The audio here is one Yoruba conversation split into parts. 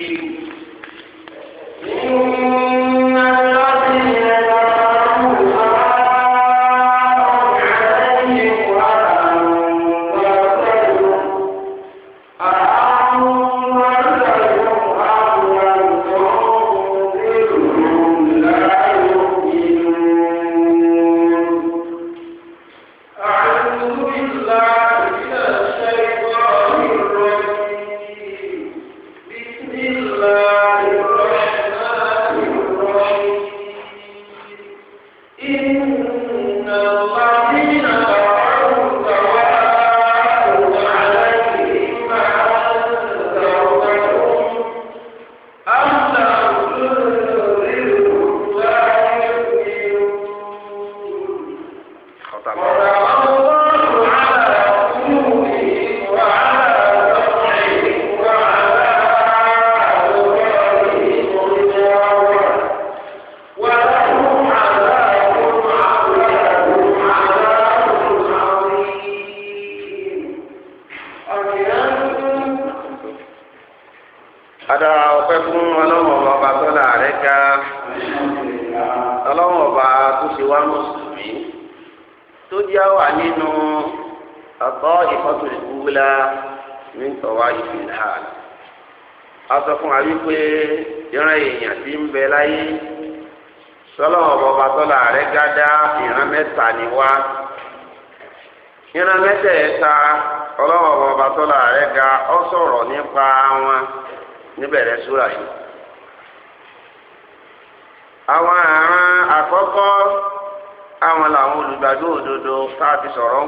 you ọlọ́wọ́ bọba tọ́lá rẹ̀ gádá ìran mẹ́ta ni wá ìran mẹ́tẹ̀ẹ̀ta ọlọ́wọ́ bọba tọ́lá rẹ̀ ga ọ sọ̀rọ̀ nípa wọn níbẹ̀rẹ̀ súra yìí. àwọn àrùn àkọ́kọ́ àwọn làwọn olùgbàdo òdodo tá a ti sọ̀rọ̀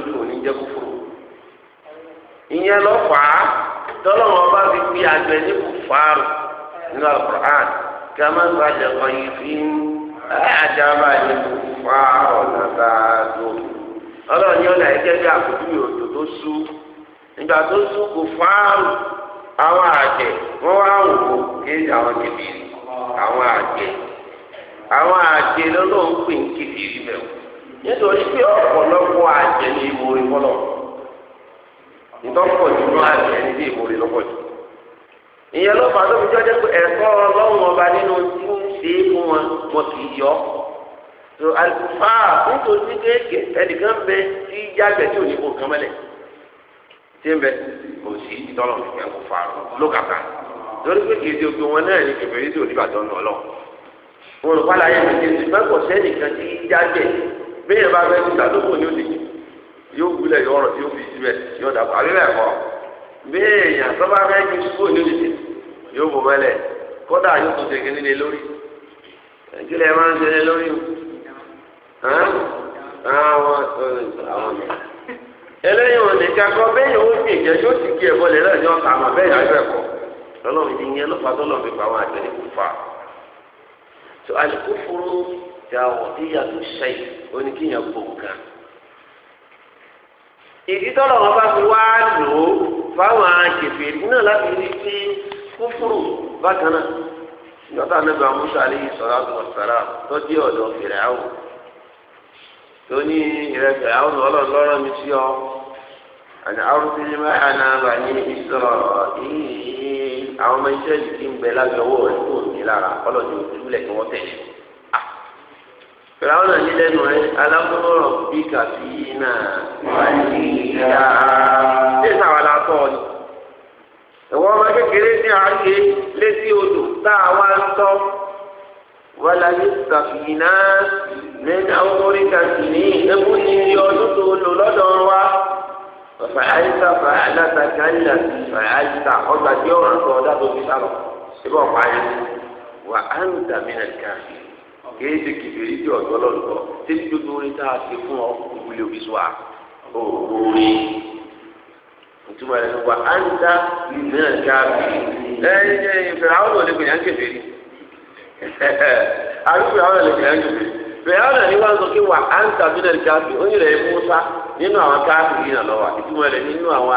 lójú òní jẹ́ kúfúrú ìyẹn lọ fà á tọ́lọ́wọ́n bá fi kò fàárù nínú alukur'an kí a máa ń gbàjẹ́ kan yìí fi ń kò fàárù tó sú nígbà tó kò fàárù àwọn wá wò kéde àwọn àwọn àwọn ń pè ń nítorí pé ọ̀pọ̀lọpọ̀ àjẹ́ ní ìwòrì fọlọ́ ìtọ́pọ̀ jù lọ àjẹ́ ní ìwòrì lọ́pọ̀ jù ìyẹn ló fà lóbi jọjọ pé ẹ̀kọ́ ọlọ́run ọba nínú tí ó ń ṣe é fún wọn wọn kì í yọ so àlùfà nítorí kéèké ẹnìkan bẹ tí jágbẹ tí ò ní kó nǹkan mọ́lẹ̀ tí ń bẹ kò sí ìtọ́lọ̀ nìkan kò fà lókàtà lórí pé kìí ṣe ogun wọn náà ní kẹfẹ́ yìí tí ò ní bàtọ́ nù ọlọ́run bẹ́ẹ̀ yẹn bá fẹ́ kúta lóko ní òdì yóò gbilẹ̀ yóò rọ̀ yóò fi síbẹ̀ yóò dàpọ̀ àbí bẹ́ẹ̀ kọ́ bẹ́ẹ̀ yẹn tó bá fẹ́ kí sukó ní òdì yóò bọ̀ mẹ́lẹ̀ kódà yóò tó tẹ̀gẹ́ nílé lórí ìdílé máa ń tẹ̀lé lórí eléyìí wọn nìkan kọ bẹ́ẹ̀ yóò fi ìjẹ́ yóò ti kí ẹ̀fọ́ lẹ́lẹ́ ní ọ̀tá àmọ́ bẹ́ẹ̀ yóò fẹ́ kọ́ lọ́lọ́run jàwọ̀ ìyàtò ṣẹ́yìn oníkìyàn bò nǹkan. ìdí tọ́lọ̀ wọn bá fi wá lò ó fáwọn àjèfèrè náà láti rí sí kúfúrú bákan náà ìjọba anábì amúṣọ àlẹyé sọlá ọsàrà tọjú ọ̀dọ̀ fèrè àwọn àwọn Ọlọ́run mi sí ọ àti ní ìsọ̀rọ̀ àwọn ọmọ iṣẹ́ yìí ti ń bẹ lábẹ́ rẹ̀ tó lára fìràwọn àti lẹ́nu rẹ alámúrò bí kàfi náà wàlíyà. ṣé sàwọn alákọ ni ìwọ ọmọ kékeré ní àáké létí odò tá a wá ń tọ wàlàyé kàfi náà lẹ́nu àwọn orí kàfi ní ẹkú ní iye ọdún tó lò lọ́dọ̀ wa. fàáyíta fàáyíta káyíta fàáyíta ọgbà tí ó rán sọ ọdá tó fi sálọ síbọ̀ pààyàn wà á ń dàmínà kàfi. kìí ṣe kìbìrì tí ọjọ́ lọ́dọ̀ tí gbogbo orin tá a ṣe fún ọ ìwúlẹ̀ òbíṣọ́ à ó orin ìtumọ̀ rẹ̀ wà á ń dá mìíràn ká ẹ ẹ ìfẹ̀rẹ̀ àwọn ọ̀lẹ́ kò àwọn fẹ̀rẹ̀ àwọn wọn sọ pé wà ká bí ó yẹrẹ mọ́sá nínú àwọn káàkiri ìtumọ̀ nínú àwọn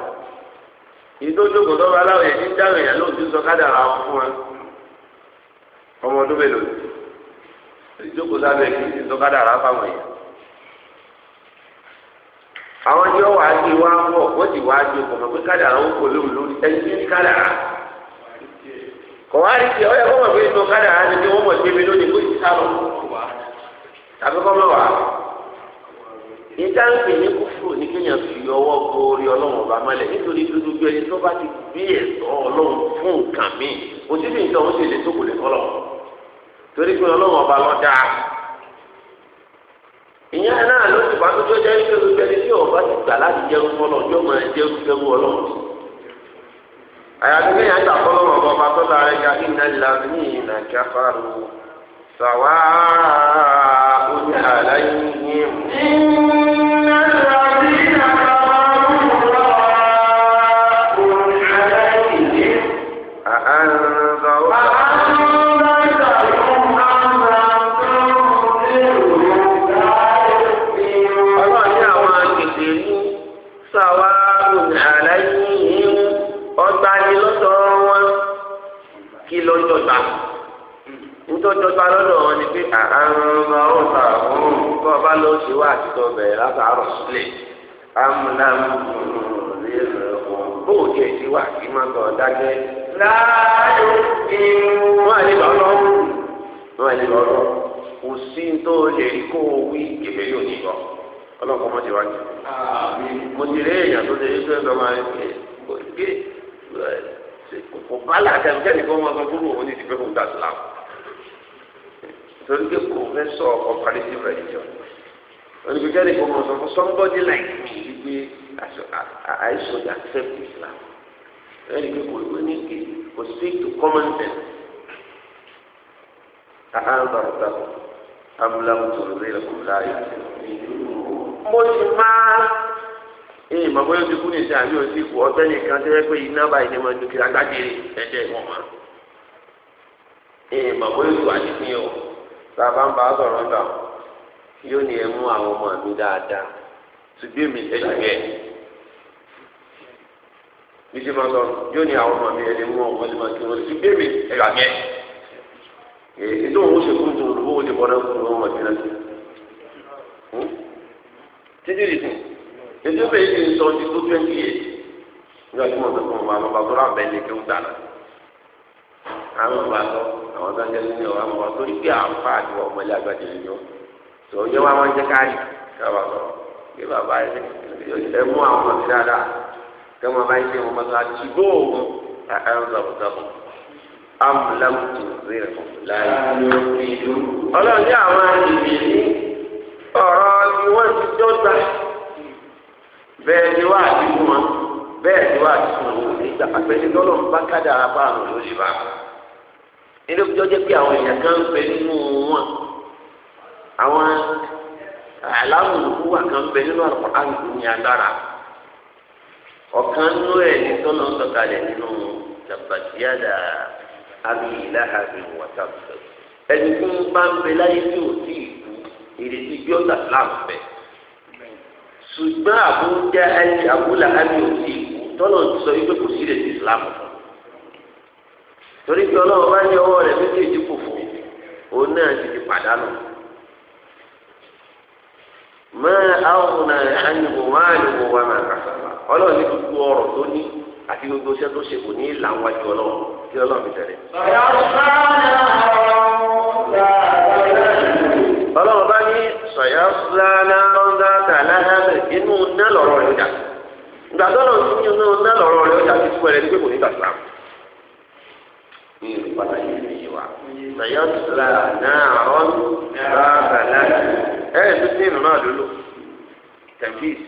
ìdójókòó lọ́wọ́ aláwọ̀ yẹn ní dáhùn yẹn lóòótọ́ sọ kádàrà wọn fún wa ọmọ ọdún mélòó ìjókòó sábẹ́ kì í sọ kádàrà fáwọn yẹn. àwọn tí wọ́n wà á di wá pọ̀ wọ́n ti wá di ọkọ̀ pé kádàrà ó kò lóhùn lórí ẹni ní kádàrà. kò wá rí ti ọ̀yà kọ́mọ̀ pé inú kádàrà ni kí wọ́n mọ̀ sí mi lónìí kó ìsáàlọ̀ tàbí kọ́mọ̀ wà á. ìdá ń pè ní kúfùrù ní kéèyàn fi ọwọ́ borí ọlọ́run ọba mọ́lẹ̀ nítorí dúdú bí ẹni tó bá ti bí ẹ̀tọ́ ọlọ́run fún nǹkan mi òtítì nǹkan ọ̀hún ṣe lè tó kò lè tọ́lọ̀ torí pé ọlọ́run ọba ìyẹn náà ló ti pàtó tó jẹ́ nítorí ẹni tí ọba ti gbà láti fọlọ́ ọjọ́ ọlọ́run gbà fọlọ́run ọba ọba tó nítorí ọjọ́ lọ́dọ̀ wọn ni pé àrùn ọ̀hún ta ọ̀hún tó o bá lọ sí wa àti tó bẹ̀rẹ̀ látàárọ̀ sílẹ̀ amúnámú bóò jẹ́ ìdí wa kí máa tọ̀ dájẹ́. láàyò ìmú wọn àlè lọ́rọ́ wọn àlè lọ́rọ́ kò sí tó lè kó wí kèmé yóò ní lọ ọlọ́kọ̀ mọ́ ti wá jù. mo ti rí èèyàn tó lè tó ẹgbẹ́ máa ń gbé kò bá làtẹ̀ jẹ́ wọn sọ fún òun ní ti torí pé kò fẹ́ sọ comparative religion onígbèjáde kò mọ̀ sọ fún somebody like me wípé I should accept Islam ẹni pé kò wí ní kí kò speak to common sense àhánbàtà amúláwùtò rírẹ̀kùn láàyè mo ti máa ee màmá yóò ti kú ní ìsìn àbí òsì kú ọtẹ nìkan tẹ́lẹ̀ pé iná báyìí ní ma dùkìlá gbàgede ẹ̀jẹ̀ ìwọ̀n ma ee màmá yóò tó àdìsí yẹn o tá a bá ń bá a sọ̀rọ̀ ńgbà yóò ní ẹ mú àwọn ọmọ mi dáadáa ṣùgbọ́n èmi ẹ lè bẹ́ẹ̀ bí ṣe máa sọ yóò ní àwọn ọmọ mi ẹ lè mú ọmọ mi máa kí wọn ṣùgbọ́n èmi ẹ lè bẹ́ẹ̀ ètò òun ṣe kún tó olùkó wọlé bọ́dá fún ọmọ mi náà títí rìsì ètò ìbéèrè ti ń sọ ti tó twenty years nígbà tí mo sọ ọmọ àlọ́ bàtọ́ rà bẹ́ẹ̀ ní kí ó dáná àwọn ìwà lọ àwọn tó ń jẹ sílẹ̀ wà mọ torí pé àǹfà àti ọmọlẹ àgbàdì lè yọ tó yẹ wà wọn jẹ káyì káwa sọ bí bàbá yẹ ẹ mú àwọn ọmọ mi dáadáa kí wọn bá yẹ kí wọn bá tó àti bó òun ẹ ń lọ bùtọ bọ amúlámùtò rẹ fún láyé. ọlọ́run ní àwọn ìbí ní ọ̀rọ̀ ni wọ́n ti dọ́gba bẹ́ẹ̀ ni wọ́n àti wọn bẹ́ẹ̀ ni wọ́n àti wọn ò ní gbà pàpẹ́ tọ́lọ́ nílé ìjọ jẹ́ pé àwọn èèyàn kan ń bẹ nínú wọn àwọn aláwòrán wà kan ń bẹ nínú àlùkò àlùkò ní agbára ọ̀kan nínú ẹ̀ ní tọ́nà ń sọ̀kalẹ̀ nínú jàbàdíàdà abiyilá àbẹ̀wò wàtàbùsọ̀ ẹni tó ń bá ń bẹ láyé tí ò tí ì kú ìrètí bí ọ̀tà láàmú ṣùgbọ́n àbújá ẹni àbúlà àbí ò tí ì kú tọ́nà sọ ibi ìrètí ìsìlámù fún torí pé ọlọ́run bá ní ọwọ́ rẹ̀ méjèèjì kò fò òun náà ti di pàdánù. máa àwọn àyìnbó máa àyìnbó wa máa kà sábà ọlọ́run ní gbogbo ọ̀rọ̀ tó ní àti gbogbo iṣẹ́ tó ṣe kò ní ìlà ọlọ́run kí ọlọ́run fi tẹ̀lé. ọlọ́run bá ní sọ̀yà fúlànà inú lọ́rọ̀ rẹ̀ ìgbà tó sí inú ní ìrìpadà yìí yìí wa. sàyọ́sìlá náà ọ̀n bàbàlá ẹ̀rẹ́ tó sí ìrùnà lólo tẹ̀fíìs.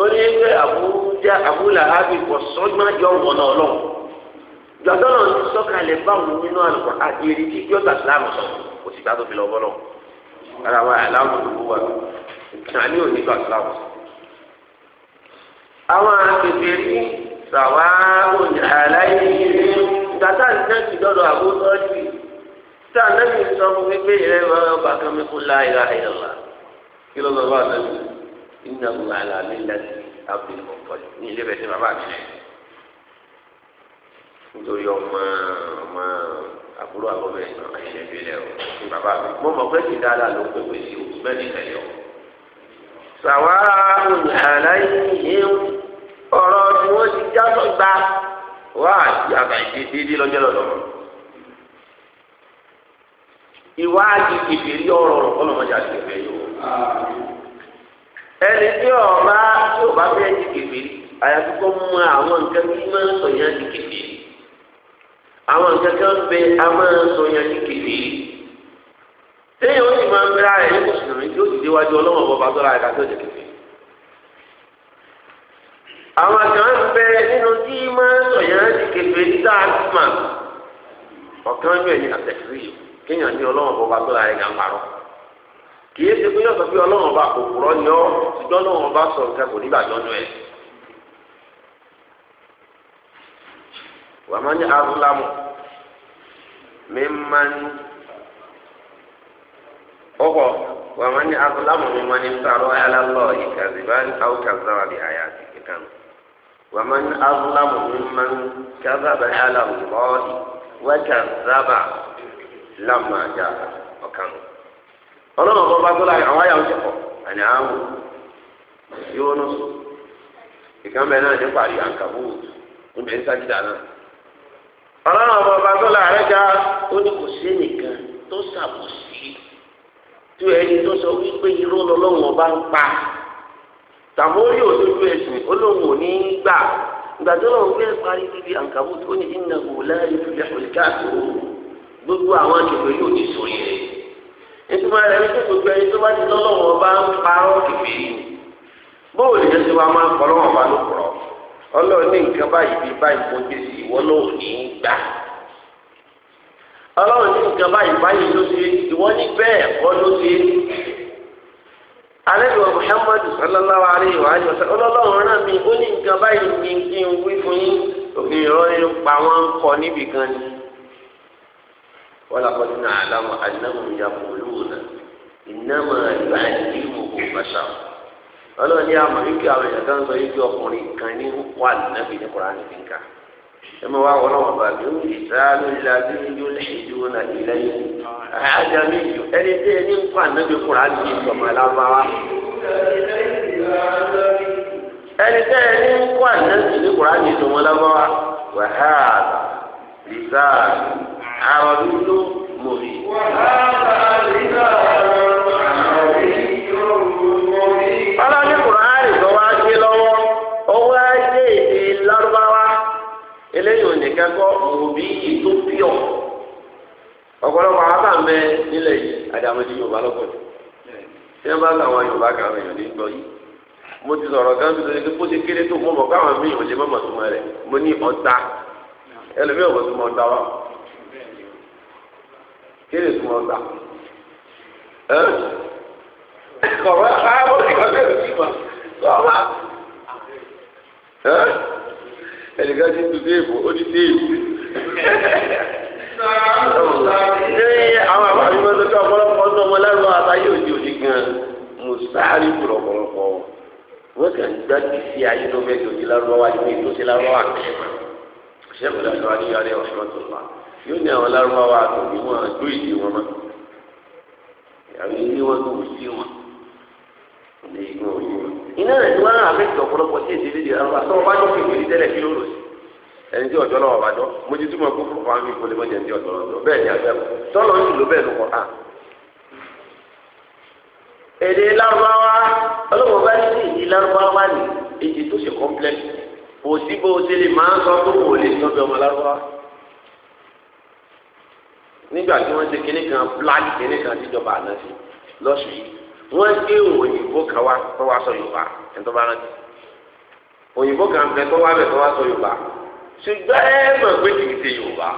ó ní pé àbújá àbúlà ábí kò sọ́gbọ́n jọ wọ̀n náà lọ. gbàdọ́ náà ti sọ́kalẹ̀ báwọn nínú àlùkò àti èrè tí yóò gbà sílámù sọ kò sì gbà fi lọ bọ́lọ̀. ara wa aláwọ̀ ló wà ní òní gbà sílámù àwọn àgbègbè rí sàwáwò ní aláìsí ìgbà tá à ń nẹ́bi lọ́dọ̀ àbótọ́jú tá à ń nẹ́bi sọ fún mi pé ìrẹ́ máa ń bá kánmi kú la ilaha illallah kí ló lọ bá nẹ́bi iná kú àlà mi láti àbí ọ̀pọ̀lù ní ilé bẹ̀sẹ̀ bàbá mi lẹ̀ nítorí ọmọ ọmọ àbúrò àbọ̀bẹ̀ ìṣẹ̀bí lẹ̀ o ní bàbá mi mo mọ̀ pé kì dáadáa ló pè wèsì o bẹ́ẹ̀ ni ìfẹ́ sàwárà àlàyé ọ̀rọ̀ tí wọ́n ti já wá àti àgbàdì dídí lọ́jọ́ lọ́dọ̀ ìwádìí ọ̀rọ̀ ọ̀rọ̀ yìí o ẹni tí ọba tí ọba fẹ́ di kìfìrí àyàfi kó mú àwọn nǹkan tí máa ń sọ yẹn di àwọn nǹkan a máa ń sọ yẹn téèyàn ó sì máa ń tí ó déwájú bọ́ bá tọ́ra tó àwọn kan ń bẹ nínú tí máa ń sọ̀yàn ti kébé níta àtúmọ̀ ọ̀kan ń bẹ ní àtẹ̀sírí kéèyàn ní ọlọ́run bọ́ba tó la rẹ̀ gà ń parọ́ kì í ṣe pé yọ̀sọ̀ pé ọlọ́run ọba kò kúrọ́ ni ọ́ ṣùgbọ́n ọlọ́run ọba sọ nǹkan kò nígbàjọ́ nù ẹ̀. wàá máa ní arúlámù mi máa ń ọkọ̀ wàá máa ní arúlámù mi máa ń sàrọ̀ ayálà lọ́ọ̀ ìkàzìbá àwòkàzà wà bí àyà àti kíkànnù. ومن أظلم ممن كذب على الله وكذب لما جاء وكان ọlọ́run ọ̀bọ̀ bá gbọ́dọ̀ àwọn àyà oúnjẹ pọ̀ àní àwọn yóò nù sùn ìkan bẹ́ẹ̀ náà nípa àyà àǹkàbù ń bẹ́ẹ̀ ń sájìdá náà ọlọ́run sàmúlì òdodo èṣù olóhùn ò ní í gbà gbàdúrà òun fẹ́ parí bíbí àǹkàbù tó ní iná ìfìlẹ̀ òlìkà tó gbogbo àwọn yóò ti sọ yẹ. ìtumọ̀ rẹ̀ wípé gbogbo ẹni tó bá ti bá ń parọ́ kìfì bóò lè ṣe máa ń kọ́ lọ́wọ́ ọlọ́run ní nǹkan báyìí bí báyìí sí ìwọ alẹ́lùwà muhammadu sallallahu alayhi wa alayhi wa sallam ọlọ́lọ́run rán mi ó ní nǹkan báyìí ní kí n wí fún yín òfin ìrọ́lẹ́ pa wọ́n ń kọ níbì kan ni. wọ́n lọ́kọ́ nínú àlámọ̀ anáhùn ìyá pòlúùnà ìnáwó ìgbà ìlú ọlọ́run ní àwọn èèyàn kan sọ ọkùnrin kan ní wà ẹmọ wa wọn náà wọn bá mi ó ìsáàlú ìlàbí yóò lè ju náà ilẹ̀ yìí àjà mi ju ẹni tí ẹni ń pa níbi kura ní ìsọmọ alábáwá. ẹni tí ẹni ń pa níbi kura ní ìsọmọ alábáwá wàhálà ìsáàlú àwọn dúdú mòrì. wàhálà ìsáàlú. nìkan kọ́ òbí yìí tó pìọ̀ ọ̀pọ̀lọpọ̀ àwọn bá ń bẹ nílẹ̀ yìí àdàmọ́ ti Yorùbá lọ́pọ̀ jù tí wọ́n bá ń àwọn Yorùbá kan àwọn èèyàn ní gbọ́ yìí mo ti sọ̀rọ̀ kan tó ṣe kó ṣe kéré tó mọ̀ káwọn míì ò lè mọ̀ mọ̀túmọ̀ rẹ̀ mo ní ọ̀tá ẹlòmíì ò mọ̀túmọ̀ ọ̀tá wa kéré tó mọ̀ ọ̀tá kọ̀ọ̀rọ̀ àwọn ìkọ́lẹ̀ òsì mọ̀ kọ̀ọ̀rọ̀ ẹnìkan ti tu déèbù ó ní déèbù. ṣé àwọn àbájú wọn tó kí ọ̀pọ̀lọpọ̀ ọdún ọmọ lẹ́rù àtàyè òde òde gan mùsàárì kúrò ọ̀pọ̀lọpọ̀ wọn kàn gbá kìsì ayé tó fẹ́ jòjì lárúbáwá yìí tó ti lárúbáwá kẹ́ẹ̀mà ṣẹ́gun làṣọ adéyọ̀lẹ́ ọ̀ṣọ́ tó wà yóò ní àwọn lárúbáwá àtọ̀bí wọn àdó ìdí wọn mọ́ àwọn ilé wọn tó wù sí wọn ilé ìgbọ̀n òye iná rẹ̀ tí wọ́n á fẹ́ tọ̀pọ̀lọpọ̀ sí èdè lédè lárúbáwá tó wọ́n bá tó kékeré tẹ́lẹ̀ kí ló lò sí ẹni tí ọjọ́ náà wà bàjọ́ mo ti túmọ̀ kó fún fáwọn ìkọlẹ̀ mọ́jẹ ní ọjọ́ náà bẹ́ẹ̀ ni àgbẹ̀ tọ́lọ̀ ń lò bẹ́ẹ̀ lọ́kọ̀ á. Ah. èdè lárúbáwá ọlọ́wọ́ bá ní ìdí lárúbáwá ni èdè tó ṣe kọ́ńplẹ́tì kò sí bó ṣe lè máa ń sọ tó wò lè sọ bí ọmọ lárúbáwá. nígbà tí wọ́n ṣe kinní kan pláàkì kinní kan síjọba àná sí lọ́sùn yìí wọ́n gbé òyìnbó kan wá tó wá tó wá sọ Yorùbá ṣùgbọ́n ẹ mọ̀ pé kì í ṣe yorùbá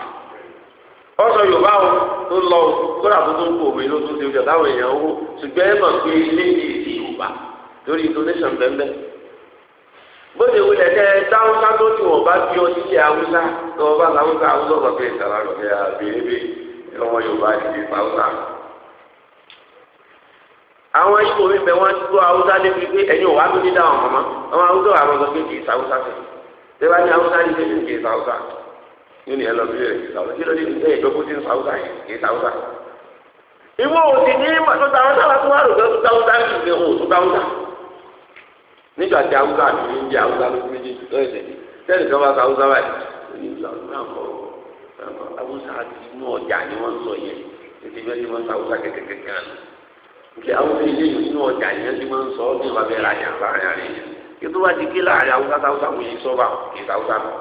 wọ́n sọ yorùbá o tó lọ o kódà tó tó ń kó omi ló tó ṣe ojà táwọn èèyàn wó ṣùgbọ́n ẹ mọ̀ pé ilé yìí yorùbá lórí donation bẹ́ẹ̀ bóde wulẹ̀ kẹ́ táwùsá tó ti wọ̀ bá bí ọtí ṣe awúsá tó wọ́n bá láwùsá awúsá ọ̀gbà pé ìsàlá rẹ̀ kẹ́ àbèrèbè ọmọ yorùbá ti di fàwùsá. àwọn ikọ̀ mi bẹ̀ wọ́n tó awúsá débi pé ẹ̀yin ò wá tó ní dáhùn ọmọ àwọn awúsá wà lọ́sọ̀ pé kì í sàwùsá fẹ̀ ṣé wàá ní haúsá yìí ṣe kì í sa yóò ní ẹlọ bíi rẹ kí ló dé ẹ ìjọba ó ń sa yìí kì í sa òsì ní màtó ta haúsá tó wà lòdọ tó ta haúsá yìí ṣe òun tó ta haúsá. nígbà mi ń jẹ haúsá ló fi jẹ lọ́ọ̀ṣẹ̀ kan bá sa haúsá báyìí. haúsá ti inú ọjà ètò wa di kí láàrin awúsá sáwúsá wò yìí sọ́ba kì í sáwúsá mọ́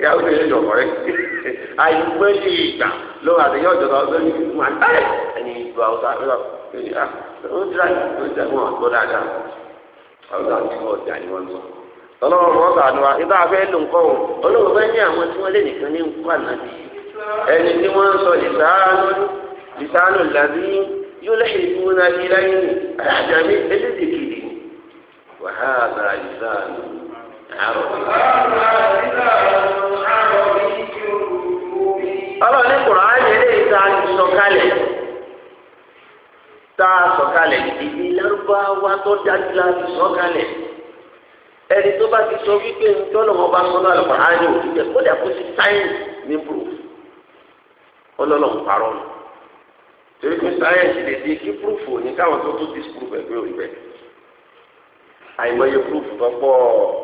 ìyàwó mi yóò jọ kọ́rẹ́ àyùpẹ́ lè gbà lọ́wọ́ àti yóò jọ sáwúsá ní kí wọ́n á ẹni ìgbà awúsá lọ ó ti ra ìgbà ìjà wọn àgbọ̀ dáadáa awúsá ti wọ́n ọ̀dà ni wọ́n sọ. ọlọ́run wọn kà ní wa ibà fẹ́ lù nǹkan o olóòwò fẹ́ ní àwọn tí wọ́n lé nìkan ní nǹkan náà bí ẹni tí wọ́n ń sọ ìsáánú ìsáánú làbí yóò lẹ́yìn ìfúnná ilé ayé ni àjàmí elédèké وهذا لسان عربي ọlọ́run ní kùránì eléyìí tá a sọ̀kalẹ̀ tá a sọ̀kalẹ̀ ìdí lárúbáwá tó dájú la ti sọ̀kalẹ̀ ẹni tó bá ti sọ wípé ntọ́nà wọn bá sọ́nà àlùkùránì òdìjẹ kódà kó sí sáyẹ́ǹsì ní burú ọlọ́run parọ́ nù torí pé sáyẹ́ǹsì lè di kí púrúfù ní káwọn tó tó disprove ẹgbẹ́ òyìnbẹ́ àìmọye púrúfù tó pọ̀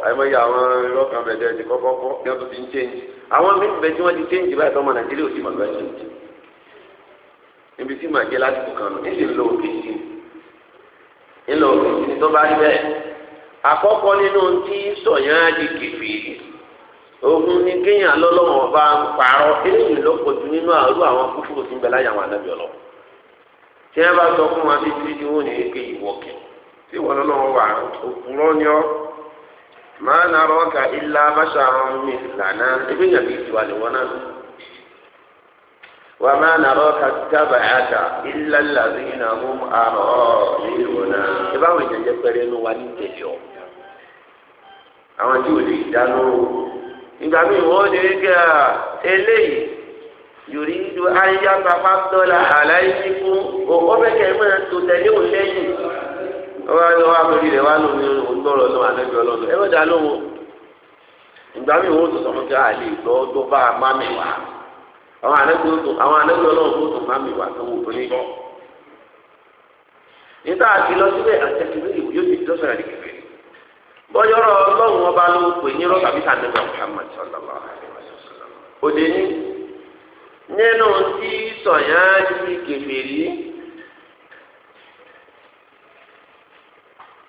àìmọye àwọn ìrọ́kàn bẹ̀rẹ̀ ti kọ́kọ́ kọ́ kí wọ́n tó ti ń change àwọn mímbẹ tí wọ́n ti change báyìí tọ́mọ nàìjíríà ò sì mọ̀ lọ́wọ́ change níbi tí màá jẹ́ lásìkò kan nù níbi ńlọ òkèèjì ńlọ òkèèjì tó bá rí bẹ́ẹ̀ àkọ́kọ́ nínú tí sọ̀yàn á di kìfìrì ogun ní kéèyàn lọ́lọ́wọ́n ọba ń parọ́ eléyìí ló pọ̀ jù nínú àrú àwọn kúfúrú tí ń bẹ láyà àwọn anábìọ́lọ́ tí wọ́n bá sọ fún wa bí tí wọ́n ní kéèyàn wọ̀kẹ́ tí wọn náà wà òpùrọ́ ni ọ́ máa ka ilá báṣà ọ̀hún mi lànà ebi yàn kìí tiwa náà wà dábàá ilá làbí iná mú náà ìbá wọn ìjẹjẹ pẹrẹ wa ní tẹlẹ ọ àwọn tí ò lè dáná ìgbà míì wọn ò ní a eléyìí yòrìndó ayé yàtọ̀ afá dọ́là àlàyé kíkún òkò bẹ́ẹ̀ kẹ́ ẹ ọwọ́ àyọ̀ wà lórí rẹ̀ wà lómi òǹtọ̀rọ̀ lọ́wọ́ àlẹ́bí ọlọ́run ẹ wọ́n dá ìgbà mi wọ́n tó sọ̀rọ̀ kí gbọ́ tó bá a má mi wá àwọn ọlọ́run tó tó má mi wá tó níta àti lọ síbẹ̀ àtẹ̀kùnrin ìwé yóò ti ló pè ní sàdébà Muhammad sallallahu alayhi wa sallam òde ní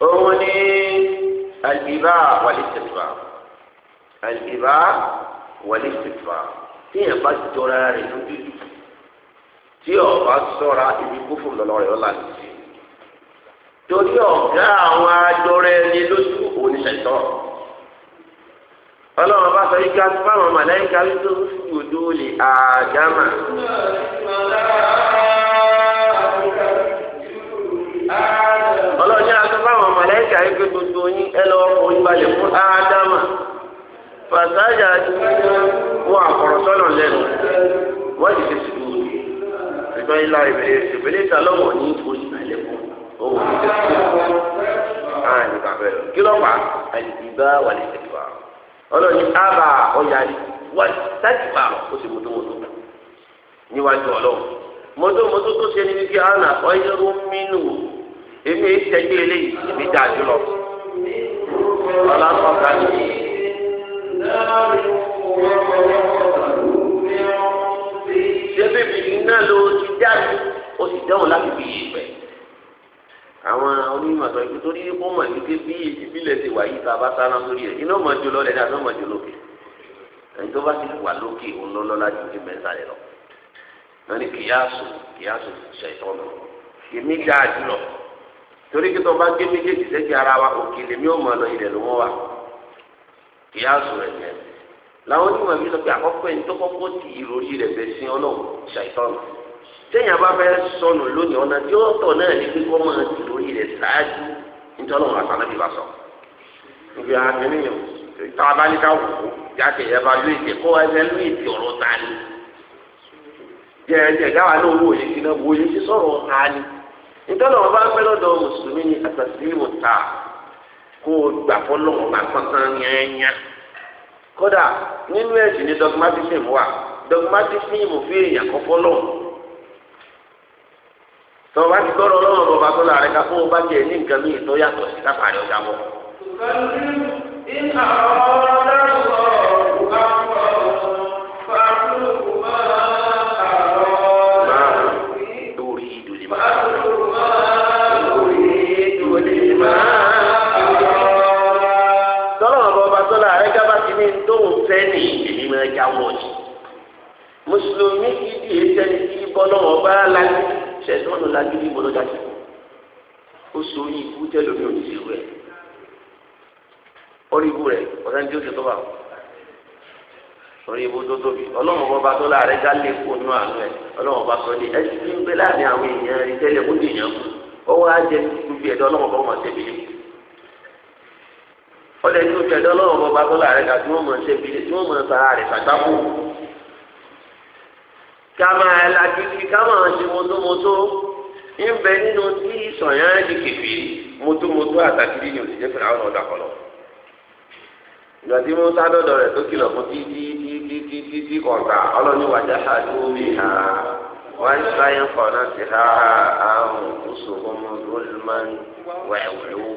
òun ní alìbá wàlí tẹ̀tùbà alìbá wàlí tẹ̀tùbà téèyàn bá jọra rẹ̀ lójúdù tí ọba sọ́ra ibi kúfù lọ́lọ́ rẹ̀ lọ́la ti ṣe torí ọ̀gá àwọn adọ́rẹ́ ẹni lójú oníṣẹ̀tọ́ ọlọ́run bá sọ ike asúpáwọn màláìka tó fi òdo lè àdámà. àdámà ọlọ́ọ̀ni asọ́fà àwọn mọ̀lẹ́kà yìí pé gbogbo yín ẹ lọ́wọ́ fún yín balẹ̀ fún ádámà fàtàjà wọn àkọ̀rọ̀sọ́nà lẹ́nu wọ́n ti fi sùn ṣùgbọ́n ilá ìbẹ̀rẹ̀ ìbẹ̀rẹ̀ ìta lọ́wọ́ ní oṣù balẹ̀ fún owó ní ti sùn àwọn ìgbà bẹ̀rẹ̀ kí ló fà àdìgbà wà ní ìṣẹ̀fà ọlọ́ọ̀ni ábà ọ̀yà wọ́n tàjùbà ó sì mú níwájú ọlọ́run mọ́tò tó ṣe ní wípé àná ọ̀yẹ́rú mínú èmi tẹ́jú eléyìí èmi dà jùlọ ọlọ́mọ kan. débìbì náà ló ti dájú ó sì dáhùn láti fi yí pẹ́ àwọn onímọ̀ sọ ibi tó ní kó mọ̀ ní pé bí ìbílẹ̀ ti wà yìí tá a bá sáná sórí ẹ̀ iná mọ̀ jù lọ lẹ́dá iná mọ̀ jù lókè ẹni tó bá ti wà lókè òun lọ́lọ́ láti fi mẹ́ta rẹ̀ lọ. wọ́n ní kìyàsù kìyàsù ṣe ìtọ́nà èmi dáa jùlọ torí kí tó bá gé méjèèjì sẹ́gbẹ̀ ara wa òkè lèmi ò mọ̀ lọ ilẹ̀ ló wọ́n wà kì í á sùn rẹ̀ yẹn làwọn onímọ̀ mi sọ pé àkọ́kọ́ ẹni tó kọ́kọ́ ti ìròrí rẹ̀ bẹ̀ sí ọlọ́run ṣàìtọ́n sẹ́yìn abá fẹ́ sọnù lónìí ọ̀nà tí ó tọ̀ náà ní kíkọ́ máa ti ìròrí rẹ̀ ṣáájú nítorí ọlọ́run àtàlẹ́ bí wàá sọ. ibi àgbẹ̀ni yàn tá a bá ní ká wò ó jáde ẹ bá lóye tẹ kó ẹsẹ lóye tẹ ọ̀rọ̀ ta ni. jẹ́ ẹ jẹ́ gáwa náà wò yé kí náà wò yé sí sọ̀rọ̀ ta ni. ìtọ́lọ̀ ọba ń pẹ́ musulmi mùsùlùmí ni àtàsílímù ta kó o gbà fọlọ́ ọba kankan yẹnyẹn kódà nínú ẹ̀sìn ni dogmatism wà dogmatism fi èèyàn kọ́ fọlọ́ tọ́ba ti gbọ́dọ̀ ọlọ́run ọba tó láàrin ká fún ọba tiẹ̀ ní nǹkan mìíràn tó yàtọ̀ sí ọjà bọ̀. sẹ́ni èmi máa jáwọ́ ni mùsùlùmí gidi ẹsẹ̀ni tí bọ́lá wọn bá lájú ṣẹ̀dá ọ̀nà lájú ní ìbọn lọ́jà sí ó so orí ikú tẹ́lómi ò ní sí rẹ̀ orí ikú rẹ̀ ọ̀sán tí ó ṣe tó bá orí ibú tó tóbi ọlọ́run bọ́ bá tó láàrẹ́ ká lè kó nú àánú ẹ̀ ọlọ́run bá sọ ní ẹ̀sìn tí ń gbé láàrin àwọn èèyàn rí tẹ́lẹ̀ ó dèèyàn ọlẹ tó tẹdọ lọ́wọ́ bọba tó la rẹ ká tí wọn mọ ṣe bi tí wọn mọ sara rẹ pàtàkù ká máa lagidi ká máa ṣe mọtòmọtò ń bẹ nínú tí sọyàn di kẹfì mọtòmọtò àtàkìrì ni òṣìṣẹ́ fúnra wọn ọdà kọlọ ìgbà tí wọn sádọdọ rẹ tó kìlọ̀ fún títí títí títí kọta ọlọni wàjà ṣáà tó mi hàn. واستيقنتها أنفسهم ظلما وعلوا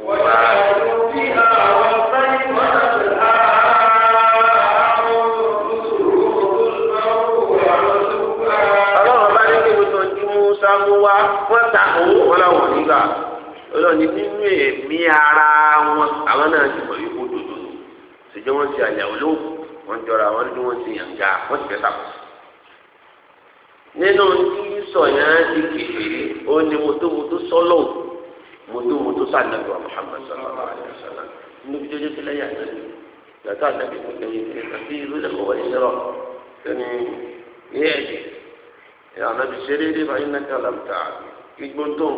sáwọ́wá wọ́n ta owó wọn láwọn nígbà ọlọ́ọ̀ni nínú èmi ara wọn àwọn náà ti mọ̀ yìí kó dodo ṣèjọ́ wọn ti àyàwó lóhùn wọn jọra wọn ní wọn ti yànjá wọn ti fẹ́ sàkóso. nínú tí sọ̀yà ti kékeré ó ní mutumutu sọ́lọ̀ mutumutu sànàbí wa Muhammad sallallahu alayhi wa sallam níbi tó jẹ́ sílẹ̀ yàtọ̀ àti ìlú wọlé gbígbó tó ń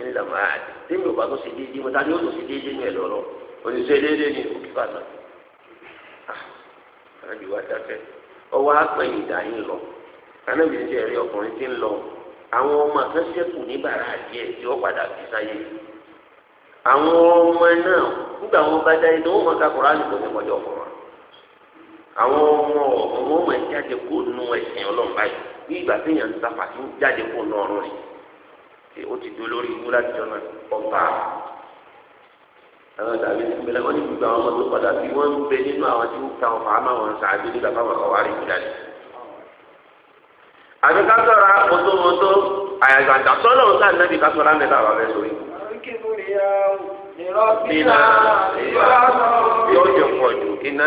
ńlá máa dì tẹ́mi ò bá tó ṣe mo ni ó tó ṣe déédéé ní ẹ̀dọ́ lọ oníṣẹ́ déédéé ni òkè bàtà ah, ànábì wá dákẹ́ ọwọ́ apẹ̀yìn ìdáyìn lọ ànábì ń jẹ́rìí ọkùnrin tí ń lọ àwọn ọmọ akẹ́sẹ̀kù níbàárà díẹ̀ tí ó padà fi sáyé àwọn ọmọ náà nígbà wọn bá dá iná wọn àlùkò ní àwọn ọmọ ọmọ ọmọ ẹ jáde kó nu ó ti di olórí ikú láti jọ náà ọba àwọn tàbí ìpínlẹ̀ wọn ní gbogbo àwọn ọmọ tó padà bí wọn ń bẹ nínú àwọn tí wọn kàn fàámà wọn sàájú nígbà fáwọn ọwọ́ àrí ìgbà yìí. àbí ká sọ̀rọ̀ mọ́tòmọ́tò àyàgbàgbà sọ́nà ọ̀sán ànábì ká sọ̀rọ̀ àmì láwọn abẹ́ sórí. Nina yóò jẹ pọ̀ ju iná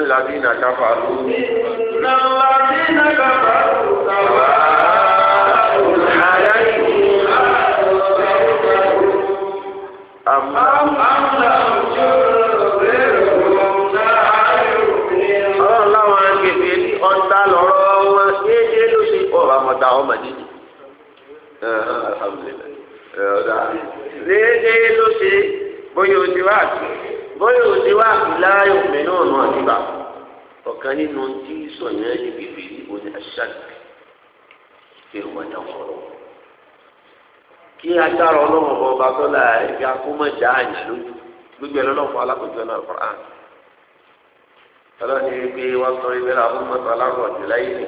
أم أم لم تنذرهم لا يؤمنون ọlọ́run láwọn agbègbè ní ọ̀tá lọ́rọ́ wọn déédé ló ṣe pọ̀ àmọ̀tá ọmọ dídì déédé ló ṣe bóyá o ti wá àti bóyá o ti wá kí agbára ọlọ́run bọ̀ bá tọ́lá ẹ̀bí akómọ̀já àyàn lójú gbogbo ẹ̀rọ náà alákòjọ náà fọ àn. ọlọ́run yìí pé sọ ibi rà fún mọ́tò aláwọ̀ jù láyé ni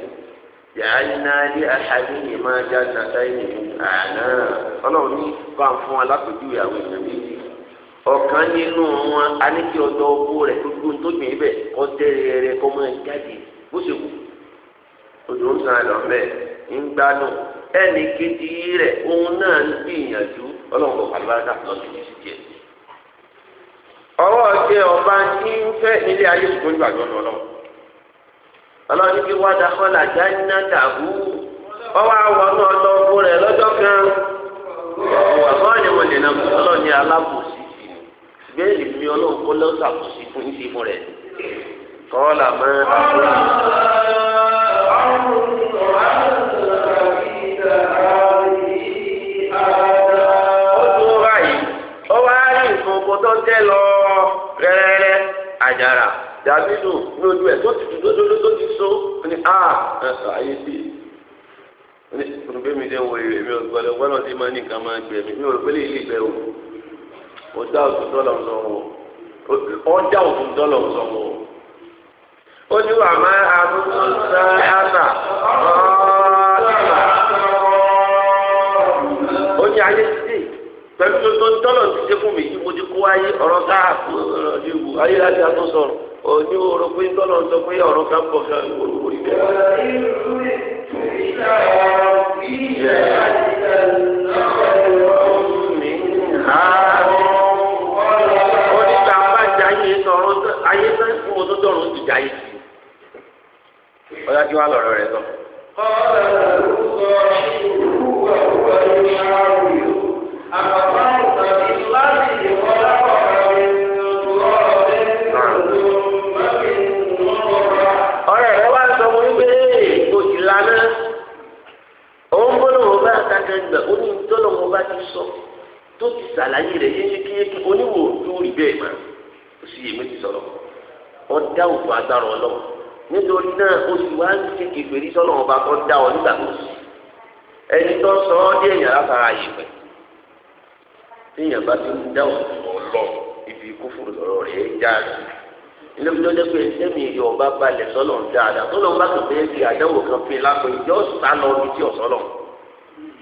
yàáyínà ní máa já àná ọlọ́run ní bá ń fún ìyàwó ọ̀kan nínú wọn a ọdọ owó rẹ̀ gbogbo tó gbìn bẹ̀ kọ́ tẹ́rẹ̀ ẹnì kejì rẹ̀ òun náà ń gbìyànjú ọlọ́run kò kàlùbáràkà lọ́sùn ní ẹ̀. ọwọ́ ọba ní ń fẹ́ nílé ayé ṣùgbọ́n ìgbàgbọ́ ọlọ́run ọlọ́run kí wọ́n dakọ́ làjá iná ọwọ́ rẹ̀ lọ́jọ́ kan ọ̀gbọ́n ni mo lè ọlọ́run ní alábòsí bẹ́ẹ̀ mi ọlọ́run kó tó ń tẹ́ lọ rẹ́rẹ́rẹ́ àjàrà dàbídù lójú ẹ̀ tó tutù lójú tó ti so ní a ayé sí ní olùgbé mi dé wo èrè mi olùgbé lọ gbọ́dọ̀ tí máa ní nǹkan máa gbẹ mi mi olùgbé lè lè gbẹ o mo dá òtún dọ́là ń sọ wọn ọjà òtún dọ́là ń sọ wọn ó ní wàá máa àbúrò sọ ayé láti àtúnṣọ òní oró pé tọ́lọ̀ ń sọ pé ọ̀rọ̀ ká pọ̀ ká ìwòlúwò ìgbẹ́. oníta abájá ayé sọ̀rọ̀ ayé sáà fún òtótọ́rùn ti jáyé sí i ọ̀yá kí wàá lọ̀rọ̀ rẹ̀ sọ. قال له صاحبه وهو يحاوره أخبرت بالذي ẹgbẹ́ ó ní tọ́lọ́wọ́ bá ti sọ tó ti sàlàyé rẹ̀ yékéyéké oníwò tó rí bẹ́ẹ̀ mà ó sì yé méjì sọ̀rọ̀ ọ̀dá òkú agbára ọlọ́run nítorí náà oṣù wa ń ṣe kèfèrí sọ́lọ́wọ́ bá kọ́ dá ọ nígbà tó sì ẹni tó sọ ọ́ dé èèyàn látara yìí pẹ̀ téèyàn bá ti ń dá òkú ọlọ́run ibi kúfùrù lọ́rọ̀ rẹ̀ já ilé ìjọ jẹ pé ẹsẹmi yorùbá balẹ̀ sọlọ dáadáa sọlọ bá tó bẹ́ẹ̀ di àdáwò kan fi lápò ìjọ sálọ ibi tí ọsọlọ ń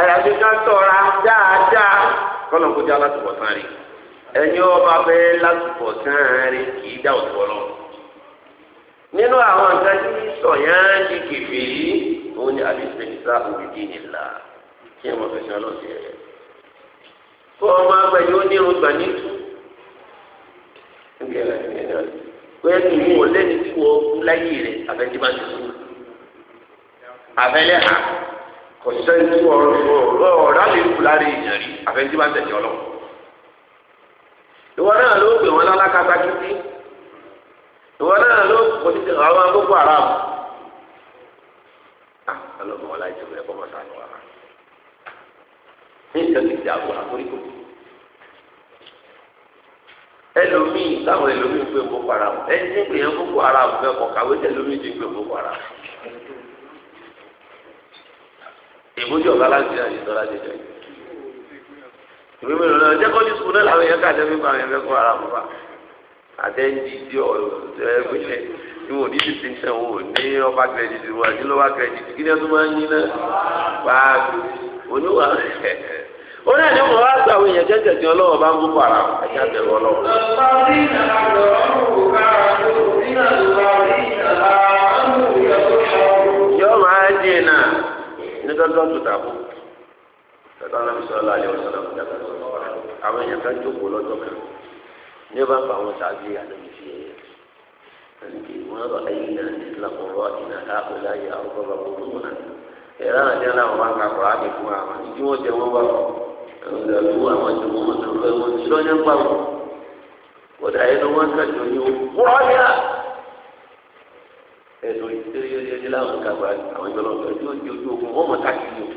àyàfi ká tọ́ra dáadáa kọ́nà kó dé alásùpọ̀ sàn rí ẹni ọba bẹ́ẹ̀ lásùpọ̀ sàn rí kì í dá òtún nínú àwọn nǹkan tí sọ̀yán di kìfì yìí òun ni nìlá kí rẹ̀ kó ọmọ gbà ní kí wọ́n kú láyé rẹ̀ bá ti kú abẹ́lẹ́ hàn. kọ̀ṣẹ́ ní ọ̀rọ̀ ọ̀rá lè kú lára èèyàn rí àfẹ́ntí bá tẹ̀lé ọlọ́run. ìwọ náà ló gbé wọn lálákàtà títí ìwọ náà ló kọ títí àwọn agbókò aráàbù. ọlọ́run wọn láì jẹ́ ìwé ẹ̀kọ́ mọ́ta ni wàrà. ní ìtọ́jú ìdí àbò àforíkò. ẹlòmíì táwọn ẹlòmíì ń gbé boko haram ẹni tí ń gbé yẹn boko haram fẹ́ kọ̀ kàwé tẹ̀lómíì ti gbé boko haram èbójú ọ̀gá láti ṣe àyè tọ́lá jẹjẹ. ìwé mi lọ́nà jẹ́ kọ́jú sùkúl náà làwọn èèyàn kàdé mi báwọn ẹ̀fẹ́ kọ́ ara mọ́ bá. àtẹ́ǹdì tí ọ̀rẹ́ ìwọ ní distinction wo ní ọba credit wọn àti lọ́wọ́ credit kí ni ẹ tún máa ń yín náà pààbí oníwà ó náà ní wọn wá sọ àwọn èèyàn jẹjẹrẹ tí ọlọ́wọ́ bá ń bú para ẹ̀ka bẹ̀rù ọlọ́wọ́. àbọ̀ tọ́tà náà sọ lálẹ́ ọ̀sán náà kúndà kan sọ̀rọ̀ wá àwọn èèyàn kan jókòó lọ́jọ́ kan ní bá bá wọn sàgbé àdéhùn sí ẹ̀yẹ ẹnìkì wọn lọ ẹ̀yìn náà ní ìlàkùnrọ̀ ìnà àkùn láyé àwùjọ bá wọn lọ́wọ́ náà ẹ̀rọ àti ẹ̀rọ àwọn akàkọ̀rọ̀ àbí fún àwọn ìdí wọn jẹ wọn bá wọn ẹ̀rọ àwọn ìdìbò wọn tó fẹ́ wọn ti lọ́jọ́ pa wọn kódà ẹnu wọn kàjọ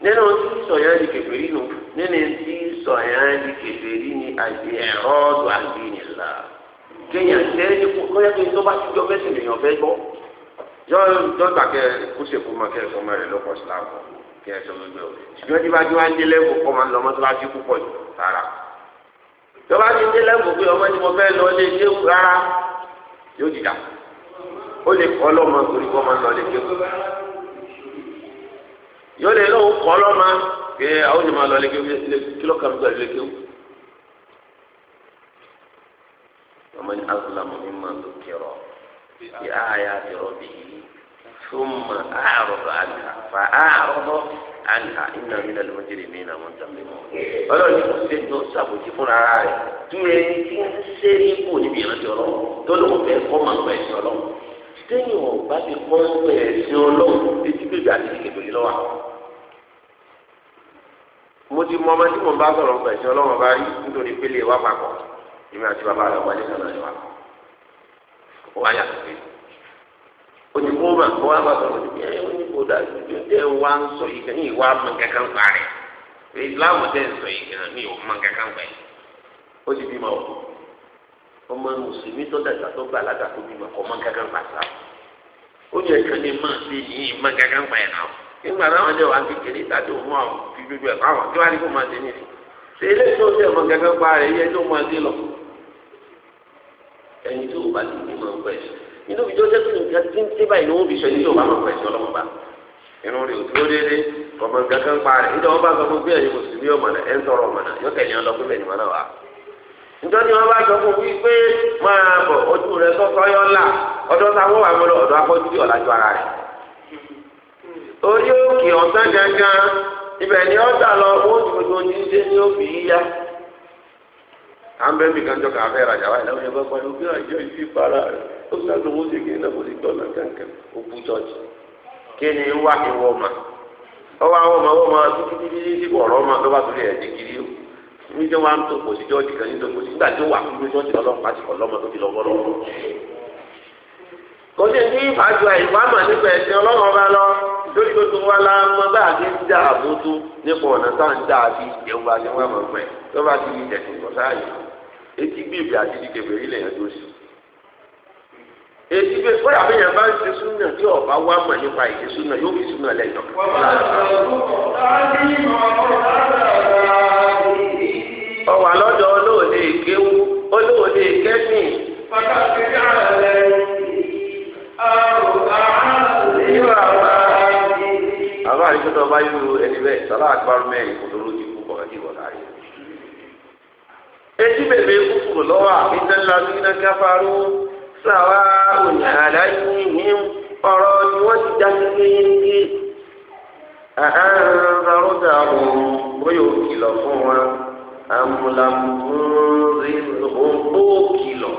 nínú tí sọ̀yà di kèfèrí nù nínú tí sọ̀yà di kèfèrí ni àti ẹ̀rọ ọ̀dọ̀ àti ìnìlá kéèyàn tẹ́lẹ̀ kó kọ́yà pé tó bá ti jọ bẹ́sẹ̀ lèèyàn fẹ́ gbọ́ yọ dọ́gba kẹ kó sèkú ma kẹ sọmọ rẹ lọ́kọ̀ síláàmù kẹ sọ gbogbo ẹ̀ ṣùgbọ́n tí bá ti wá ń délé wò kọ́ máa ń lọ mọ́tò bá ti púpọ̀ jù rárá tó bá ti délé wò pé ọmọ tí mo fẹ́ lọ lé ṣé rárá yóò dìdà ó lè kọ́ lọ́mọ yóò lè lọ́wọ́ kọ́ lọ́mà kí àwọn ènìyàn máa lọ lé kíló kan gbà lé kéwù. ọmọ ní azulamu ní ma ló kẹrọ bí aya kẹrọ bí súnmọ́ àárọ̀dọ̀ àná fa àárọ̀dọ̀ àná iná mi lẹ́nu méjìlè mí náà wọ́n tẹ̀lé mọ́. ọlọ́run kò sí tó sàbòjì fúnra rẹ̀ tún ẹni tí ń ṣe é ní kò níbi ìrántí ọlọ́run tó lóun fẹ́ kọ́ máa gbà ẹ̀sìn ọlọ́run téèyàn ọba ti kọ́ ẹgbẹ́ ẹ̀sìn ọlọ́run títí bèbè àti ìkébè yìí lọ́wọ́ mo ti mọ ọmọ tí mo bá sọ̀rọ̀ ọgbà ẹ̀sìn ọlọ́run ọba rí nítorí pélé wa papọ̀ èmi àti bàbá rẹ̀ wọlé kan náà ni wa ó wá yàtọ̀ pé o ti kó mà kó wá bá sọ̀rọ̀ ní ẹ̀ ó ní kó dà ju ẹ̀ wá ń sọ yìí kẹ́yìn ìwà mọ kankan parẹ́ Islam tẹ̀ ń sọ yìí kẹ́yìn ìwà mọ kankan parẹ́ ó ti bí ma ọmọ mùsùlùmí tó dàgbà tó gbà ládàá tó bímọ ọmọ gángan gbà sá ó yẹ kí ni máa ṣe ní ìmọ̀ gángan gbà yẹn náà nígbà táwọn ọjọ́ wa kékeré tàbí òun àwọn fi gbogbo ẹ̀kọ́ àwọn kí wàá ní kó máa ṣe nìyí ṣe eléyìí tó ṣe ọmọ gángan gbà rẹ̀ yẹ tó máa dé lọ ẹni tó o bá ti ní máa ń pẹ̀ sí inú ìjọ sẹ́kùn nǹkan tí ń tíbà ìnáwó fi sọ ẹni tó o bá inú rẹ̀ òtún ó ọmọ gángan gbà rẹ̀ nígbà wọn bá sọ fún bí mùsùlùmí ọmọ náà ẹ̀ ń tọrọ ọmọ náà yọ nítorí ni wọ́n bá sọ fún wí pé máa bọ̀ ojú rẹ̀ sọ́sọ́ yọ ńlá ọ̀dọ́ táwọn wà mọ́ lọ ọ̀dọ́ akọ́jú tí ọ̀làjú ara rẹ̀. orí òkè ọ̀sán ibẹ̀ ni ó lọ owó tí ni à ń bẹ́ mi fẹ́ rajà wáyé lọ́wọ́ yẹn bá pariwo bí àjọ ìfi para ó náà kò sì gbọ́ náà kankan ó bú jọ́ọ̀jì. kí ni wá ìwọ níjọ́ wa ń tó kò sí jọ́ọ̀jì kan ní tó kò sí nígbà tó wà kúrú jọ́ọ̀jì ọlọ́pàá ti ọlọ́mọ tó ti lọ́wọ́ lọ́wọ́. kò ní ìfàjọ àìfà mà nípa ẹ̀sìn ọlọ́wọ́ bá lọ lórí gbogbo wa la mọ bá a ti ń dá àbótó nípa ọ̀nà tá à ń dá àbí ìjẹun àti wọn mọ̀ pẹ́ tó bá ti di tẹ̀sìn kọ̀ sáàyè etí gbèbè àti di kèbè ilẹ̀ yẹn tó sì. èsì gbèbè kó dàbí yẹn bá ń ṣe súnà tí ọ̀bá wà mọ̀ nípa ìṣesúnà yóò fi súnà lẹ́yìn ọ̀kan ọwà lọ́dọ̀ olóòde kéwú olóòde kẹ́sìn. bàbá mi ká rẹ̀ àrùn àárẹ̀ yóò wá. àbá àdìsọ́tọ̀ bá yúru ẹni bẹ́ẹ̀ sọlá àgbàrú mẹ́rin kò tó lójú kú kọ̀ọ̀kan tí ìwọ̀n láàyè. etí bèbè kúkúrú lọ́wọ́ àfihàn lásìkò káfáró sàwá òyìnbó àdáyé ọ̀rọ̀ ni wọ́n ti dá sí kéyìnkì. àhán ń rọrùn dàrú bóyá òkìlọ̀ fún wọn amúlamúrin òpó kìlọ̀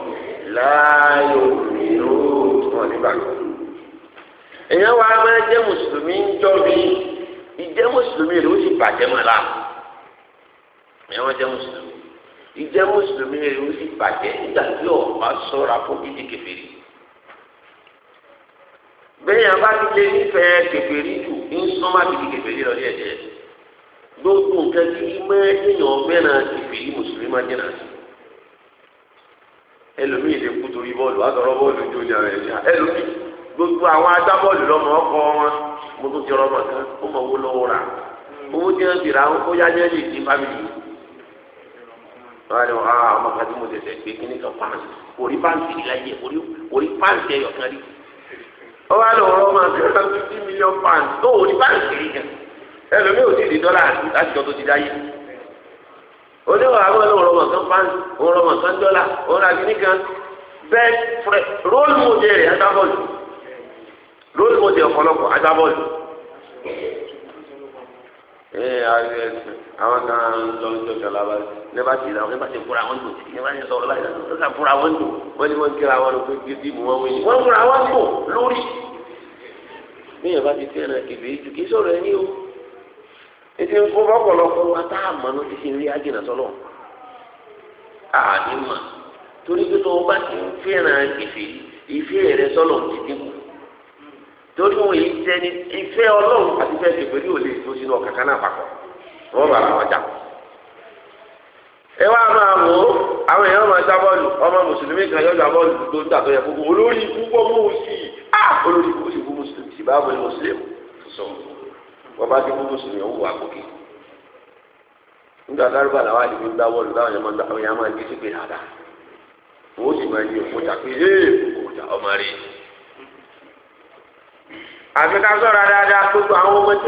láàyò mìíràn tí wọ́n nígbà kan. èèyàn wa máa jẹ́ mùsùlùmí ń jọ mi ìjẹ́ mùsùlùmí rẹ̀ ó sì bàjẹ́ mọ́ la èèyàn wa jẹ́ mùsùlùmí ìjẹ́ mùsùlùmí rẹ̀ ó sì bàjẹ́ nígbà tí ọ̀pá sọ́ra fún gidi kẹfìrí. bẹ́ẹ̀ yẹn ti lé nífẹ̀ẹ́ kẹfìrí jù ń súnmọ́ gidi kẹfìrí gbogbo nǹkan tí mẹ́ẹ̀ẹ́dẹ́yàn mẹ́ràn ti fi mùsùlùmí máa jẹ́nà sí. ẹlòmíì lè kú torí bọ́ọ̀lù àtọ̀rọ̀ bọ́ọ̀lù ojú ọjà rẹ̀ ṣá ẹlòmíì gbogbo àwọn agbábọ́ọ̀lù lọ́mọ ọkọ wọn mo tún ti rọmọ kan ó mọ owó lọ́wọ́ rà owó tí wọ́n ti rà ó yá ní ẹ̀jẹ̀ ti fámìlì. wọ́n á ní wọn ah, á ọmọ kan tí mo tẹ̀sẹ̀ gbé kí ní kan pàǹtì orí pàǹtì láyé orí pàǹtì ẹ̀yọ̀ kan rí. wọ́n á lọ rọ́ ọmọ kan fifty million tó orí pàǹtì rí gan ẹlòmíì ò sì di dọ́là láti jọ tó ti dáyé oníwà àwọn ọlọ́mọ kan pàǹtì ọlọ́mọ kan dọ́là ọlọ́mọ akíní kan bẹ́ẹ̀ rólù mọ́tẹ́ rẹ̀ agbábọ́ọ̀lù rólù mọ́tẹ́ ọ̀pọ̀lọpọ̀ agbábọ́ọ̀lù. ee àwọn kan lọ sí ọjọ́ làbá nígbà tí ìlànà nígbà tí kúra wọn tó nígbà tí sọ̀rọ̀ láyé lọ́sà kúra wọn tó wọ́n ní wọ́n kíra wọn ló pé kí tíìmù wọn wọ̀nyí wọ́n kúra wọn tó lórí. bí yẹn bá ti fẹ́ràn kìbìrì ju kí sọ̀rọ̀ ẹni o. ètò ìfowó bọ́pọ̀lọpọ̀ wa tá a mọ̀ ní ti rí àjìnà sọ́lọ̀ àní mọ̀ torí pé tó o bá ti ń fẹ́ràn ìfẹ́ ìfẹ́ rẹ sọ́lọ̀ ti torí wọn yìí ìfẹ́ ọlọ́run àti ìfẹ́ ìfẹ́ sínú wọ́n bá ẹ wá máa wò ó àwọn èèyàn máa bọ́ọ̀lù ọmọ mùsùlùmí kan wọ́n bá ti kú mùsùlùmí ó wù wá gòkè nígbà kárùbà làwọn àdìgbò ọzọ wọ́ọ̀lù báwọn yẹn máa gbà àwọn yẹn máa ọzọ wọ́n sì máa yí òkúta pé ee ọmọ rẹ̀ àfi ká sọ̀rọ̀ dáadáa gbogbo àwọn ọmọ tí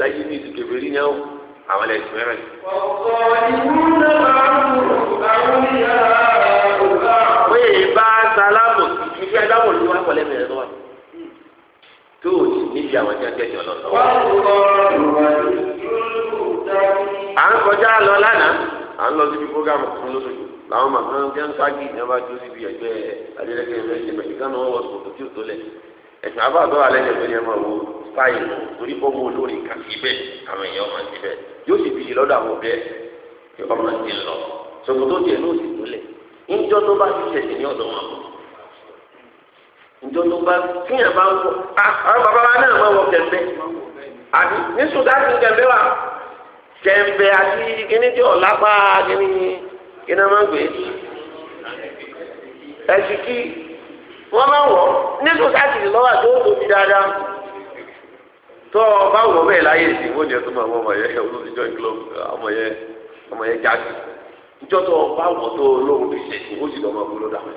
láyé ní ìdíje ní àwọn mẹ́rin. ọ̀pọ̀ náà tó o sì níbi àwọn ẹgbẹ́ kẹjọ lọ sọ. à ń kọjá lọ lánàá à ń lọ síbi fúgàmù fún lóṣooṣù làwọn màmá ń jẹ́ ń ságì ní ọba tó síbi ẹgbẹ́ adélẹ́kẹ́ ẹgbẹ́ ìjẹmẹ ìkànnì wọn wọ sòkòtò tí ò tó lẹ̀ ẹ̀sìn àbá àbọ̀ alẹ́ ẹgbẹ́ yẹn máa wo sáyì mọ̀ torí bọ́ wo lórí nǹkan síbẹ̀ àwọn èèyàn máa ń síbẹ̀ yóò sì fi lọ́dọ̀ àwọn ọbẹ̀ yóò máa ń ti lọ sòkòtò tiẹ̀ ló sì tó lẹ̀ ńjọ́ tó bá ti tẹ̀sí ní ọ̀dọ̀ wọn ìjọba bá kíyàn bá wọ àwọn bàbá wa náà máa wọ kẹ̀mbẹ́ àbí ní sudan ní kẹ̀mbẹ́ wa kẹ̀mbẹ́ àti kíní tí ọ̀ lápá kíní kíní máa ń gbé ẹ̀sì kí wọ́n máa wọ̀ ní sudan ní lọ́wọ́ àti ó tóbi dáadáa tó o bá wọ̀ bẹ́ẹ̀ láyé sí wọ́n ní ẹ̀ tó máa wọ ọmọ yẹn olùdíjọ́ ìkìlọ́ọ̀mù ọmọ yẹn ọmọ yẹn jáde ìjọ́ tó o bá wọ̀ tó o lóhùn ìṣèṣin ó sì lọ́ máa gbóló dáhùn.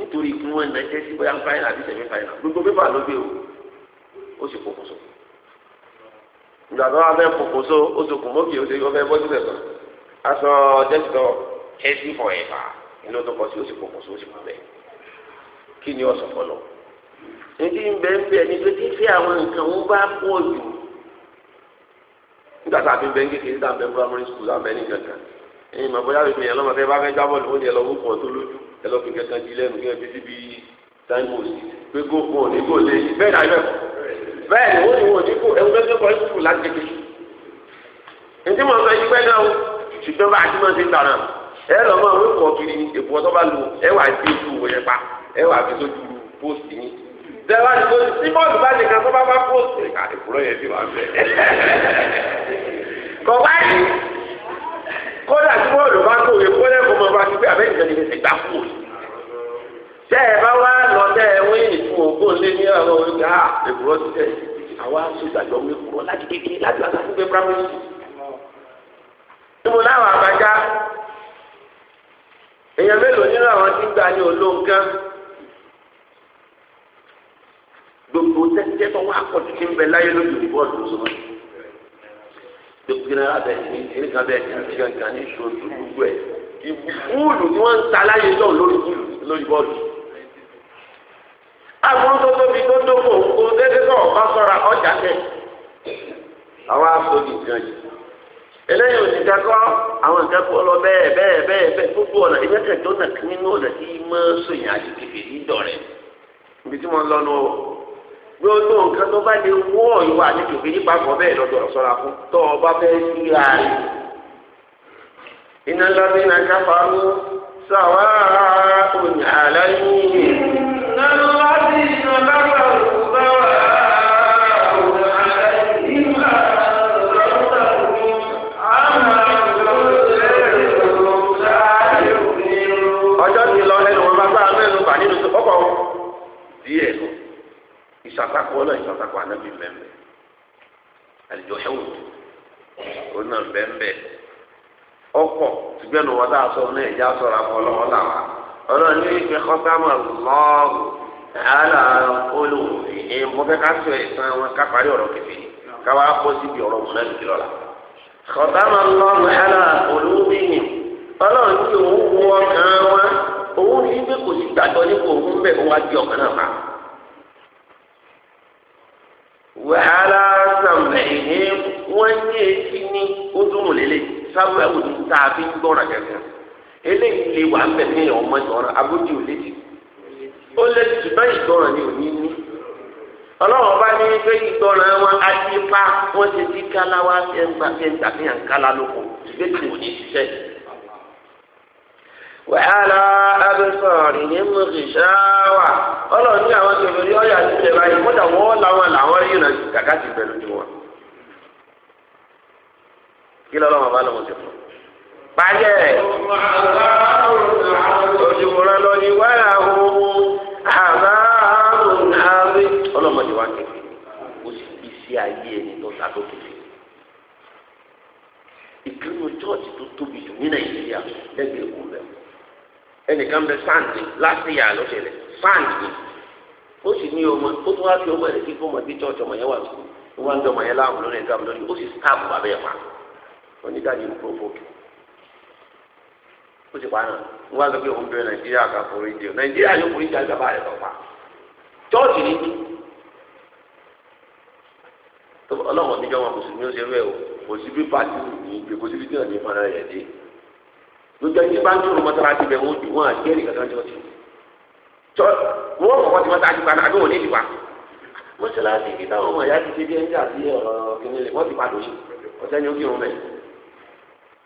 nítorí kí wọ́n nà jẹ́ sí bóyá fáìnà àbí sẹ̀mí fáìnà gbogbo pépà ló gbé o ó sì pokùnso ìgbà tó wà fẹ́ pokùnso ó sì kùn mọ́kì ó sì fẹ́ bọ́ sílẹ̀ kan aṣọ jẹ́sítọ̀ ẹ̀sì fọ̀ ẹ̀fà inú tó kọ sí ó sì pokùnso ó sì kùn bẹ́ẹ̀ kí ni ọ̀sán fọlọ́ ètí ń bẹ́ẹ̀ bẹ́ẹ̀ ni pé títí àwọn nǹkan wọn bá pọ̀ jù nígbà tá a fi bẹ́ẹ̀ kékeré tá a bẹ́ẹ̀ primary school tá a bẹ́ẹ̀ ní ẹ̀yin mọ̀ bóyá bèbè yẹn lọ́mọ fẹ́ bá fẹ́ gbá bọ́ọ̀lù ó ní ẹlọ́wọ́ kan tó lójú ẹlọ́fin kankan di lẹ́nu kí wọ́n fi síbi táìmù sí pé kó kó ní kó lé bẹ́ẹ̀ náà bẹ́ẹ̀ ni wọ́n ní wọ́n ní kó ẹ̀wọ́n fẹ́ kọ́ ẹ̀kú láti kékeré ntí mo sọ ìgbẹ́ náà ṣùgbọ́n bá a ti máa ti gbà náà ẹ lọ mọ àwọn ikọ̀ kiri èkó ọtọ́ bá lu ẹ wà dé ojú òwe pa ẹ wà fi sójú póòsì yín tẹ́wá ní póòsì tí bọ́ọ̀lù bá lè kan tó bá bá póòsì àdìpúrọ̀ yẹn ti wà bẹ́ẹ̀ kọ̀ bọ́ọ̀lù bá kòwé kọ́lẹ́ kọ́ mọ bá ti pé abẹ́nìkan ni fèsì gbà kú. tẹ́ ẹ bá wá lọ tẹ́ ẹ wí ìfún ogún lé ní àwọn oríṣi à èkúrọ́ ti tẹ̀ àwa ṣe ìgbàgbọ́ mi kúrọ́ láti kékeré láti wáṣà fún pé primary school. níbo láwọn àbájá èèyàn mélòó nínú àwọn tí ń gba ní olóńgán gbogbo tẹ́tẹ́ tó wà kọ́ tuntun bẹ láyé lójú bọ́ọ̀lù sọ́wọ́n. gbẹgbẹrẹ abẹ ní kan bẹ ní kankan ní ìṣòro gbogbo nǹkan tó bá lè wọ́ ìwà àlejò kejì papọ̀ bẹ́ẹ̀ lọ́dọ̀ sọ́ra fún tọ́ ọ bá fẹ́ sí ààrẹ. iná lọ́dún iná káfáró sàwá òyìn àlàyé. iná lọ́dún iná káfáró sàwá. ọ̀pọ̀ náà ìsọ̀tàpọ̀ ànábì mẹ́mẹ́ àlejò ẹ̀wọ̀n òun náà bẹ́ẹ̀ ọkọ̀ ṣùgbọ́n ní wọ́n tá a sọ ní ẹ̀já sọ̀rọ̀ àpọ̀ ọlọ́wọ́ làwà ọlọ́run ní ìfẹ́ kọ́sámọ̀ lọ́ọ̀rù àhálà olùwò mo fẹ́ ká sọ ẹ̀sán wọn ká parí ọ̀rọ̀ kẹfẹ́ káwá bọ́ síbi ọ̀rọ̀ mọ̀ náà nìkìlọ́ la. kọ́sámọ̀ lọ́ọ̀rù àhálà olùwìyìn ọlọ́run ní òun wọ ọkàn òun ní bí kò sí gbàgbọ́ nípa òun bẹ̀ wá di ọkàn náà pa wàhálà sàmìlẹyìn wọn ní etí ní ọdúnrún lélẹ sábà wò ní tá a fi ń gbọ́ràn gẹ́gẹ́ eléyìí lè wà ń bẹ ní ọmọ ìtọrọ abójú ò létí ó létí ṣùgbọ́n ìgbọràn ni ò ní ní ọlọ́run bá ní pé ìgbọràn wọn á ti wọn ti di káláwa ẹ̀ ń gbà fi ń tàbí lóko ìgbésẹ̀ ò ní ṣiṣẹ́ wàhálà abẹ́sọ̀rìyìn mùsùlùmáwà ọlọ́run ní àwọn kẹfẹ́rí ọ̀yà nílẹ̀ báyìí kódà wọ́n làwọn làwọn yìí náà kàkà ti bẹ̀rù ju wọn. kí lọ́lọ́ wọn bá lọ́wọ́ ti fún un. báyẹ̀ òṣùwòrán lọ ní wáyà ohun àbáhùn àbí ọlọ́mọdé wa kẹfẹ́ ó sì fi sí ayé ẹni tó ta tó kẹfẹ́ ìkírun chọ́ọ̀tì tó tóbi jù ní nàìjíríà lẹ́gbẹ̀ẹ́ kò bẹ̀rù ẹnìkan bẹ sáǹtì láti yà ló ṣẹlẹ̀ ni, ó sì ní ọmọ ó tún wá fi ọmọ rẹ̀ kíkọ́ ọmọ bí tọ́jú ọmọ yẹn wà sùn ó wá ń dọ̀ ọmọ yẹn láàmú lórí ẹ̀dá lórí ó sì sáàbù abẹ́ ẹ̀ pa onídàájú ń provoke ó sì pa náà ń wá sọ pé òun bẹ̀rẹ̀ nàìjíríà kan forí jẹ nàìjíríà yóò forí jẹ àgbàbà rẹ̀ lọ́pàá chọ́ọ̀tì ni ọlọ́wọ́n níjọ́ wọn kò sí ní ó ṣe rú o kò sí bí pàtó lójú ẹni bá ń dúró mọ́sálásí bẹ̀ wọ́n ju wọn àjẹrì kankan jọ ti tọ́ wọ́n kọ̀kọ́ ti mọ́sálásí pa àbí wọn ní ìdìbà mọ́sálásí kí táwọn ọmọ ìyá ti ṣe bí ẹni àti ọ̀rọ̀ kìnìún wọ́n ti padò yìí ọ̀sẹ̀ ni ó kí wọn mẹ́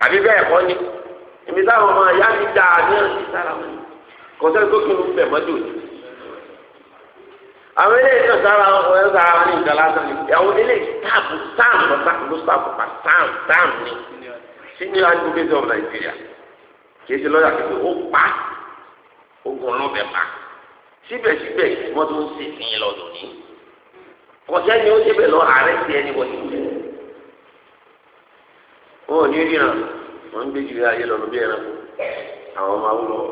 àbí bẹ́ẹ̀ kọ́ ni èmi táwọn ọmọ ìyá mi dà ní kọ̀sẹ́ tó kí wọn bẹ̀ mọ́tò ni àwọn eléyìí náà sára wọn sára wọn ní ìjà lásán ni àwọn eléyìí táàbù táàmù sáàmù lọ sáàmù pa táàmù táàmù ni senior advocate of Nigeria kìí ṣe lọ́yà pé ó pa ogun ọlọ́bẹ̀ pa síbẹ̀síbẹ̀ wọ́n tún sì fi yín lọ́dún ní. kọ̀ṣẹ́ ni ó ṣe bẹ̀ lọ ààrẹ sí ẹni wọ́n ti wúlẹ̀. wọn ò ní ríran wọn ń gbé jù ayé lọ́nu bí ẹranko àwọn ọmọ awúrọ̀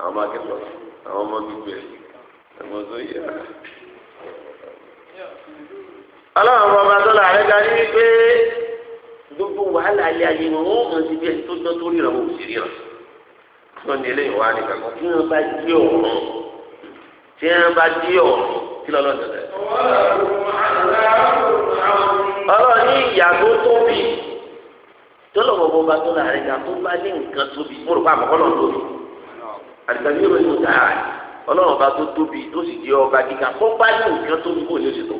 àwọn ọmọ akẹ́kọ̀ọ́ àwọn ọmọ gbígbẹ ẹ̀mọ́ tó yẹ. ọlọ́run ọba tó la ààrẹ ga ní wípé gbogbo wàhálà ayé ayé wọn wọn mọ̀ síbi ẹni tó tọ́ tó ríran wọn ò sì ríran tó ní ilé ìwà ni kankan tí wọn bá jí òun tí wọn bá jí òun kí lọ lọ́dọ̀ rẹ̀. ọlọ́run ní ìyá tó tóbi tó lọ́wọ́ bó bá tó láàrin ìyá tó bá ní nǹkan tóbi mo rò pé àmọ́kọ́ lọ́n tóbi àdìgbàdì yóò lóyún dára ọlọ́run ọba tó tóbi tó sì jẹ́ ọba gíga kó bá ní nǹkan tóbi kó ní oṣù tó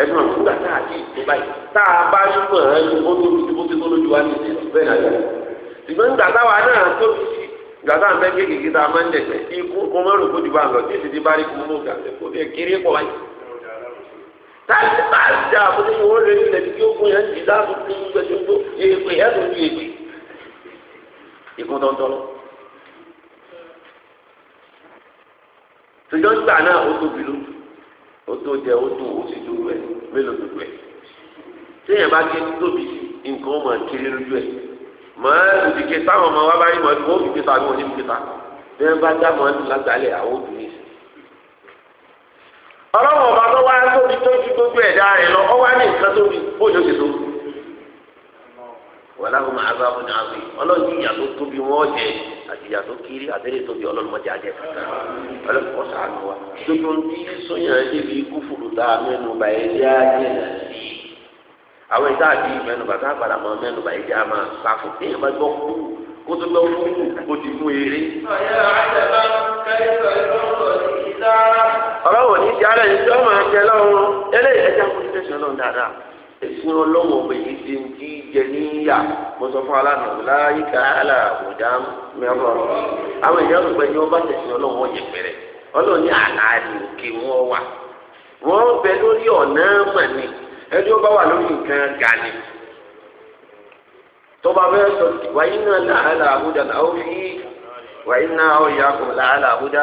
ẹnu àti ìgbà tá a ti tó báyìí tá a bá yún pọ̀ ẹ́ ló tó tó tó lójú wa ní ìsìn bẹ́ẹ̀ náà yẹ ṣùgbọ́n nígbà táwa náà tóbi sí ìgbà táwa fẹ́ kékeré tá a máa ń dẹ̀gbẹ́ ikú kó má rò kójú bá ń lọ tí ìsìtì bá rí kúmọ́ gà kó bẹ́ẹ̀ kéré pọ̀ wáyé. táyì bá a jà fún mi wọ́n lè nílẹ̀ tí ó gún yẹn ti dáàbò fún mi gbẹ̀jọ́ tó èèpè ẹ̀ tó ní èèpè. ikú tọ́ntọ́ lọ. ṣùgbọ́n nígbà náà ó tóbi ló ó tó jẹ ó tó ó sì dúró ẹ̀ mélòó dúró ẹ̀. téèyàn bá ké tóbi nǹkan ọmọ kéré lójú ẹ̀ màálù dìke táwọn ọmọ wa bá rí màálù wọn ò fi kíta àbí wọn ò ní fi kíta bí wọn bá dá màálù lágbàálẹ̀ àwọn òdùn ní ìsìn. ọlọ́wọ́n ọba tó wá tóbi tóbi gbogbo ẹ̀dá rẹ̀ lọ ọ wá ní nǹkan tóbi bóyá ó ṣe tó. wàhálà fún màá bá fún àwìn ọlọ́run ìyà tó tóbi wọ́n jẹ àti ìyà tó kiri àtẹ́lẹ̀ tóbi ọlọ́run mọ́jà jẹ kankan ọlọ́run kọ́ sàánú wa. àwọn ìta àti mẹ́nubà tá a padà mọ mẹ́nubà yìí jẹ́ àmà sáfù kí ẹ má gbọ́ kú kó tó gbọ́ kú kó ti mú eré. ọlọ́wọ́ ní ti alẹ́ níjọ́ máa jẹ lọ́wọ́ eléyìí ẹja tẹ̀sí ọlọ́run dáadáa. èsì ọlọ́wọ́ ti jẹ níyà mo sọ fún aláàánú láyé mẹ́rọ. àwọn ní wọ́n bá tẹ̀sí ọlọ́wọ́ ẹni ó bá wà lórí nǹkan gani tọba bá bẹ́ẹ̀ sọ wàyí náà làálà àbújá àwọn fi wàyí náà àwọn ìyá kò làálà àbújá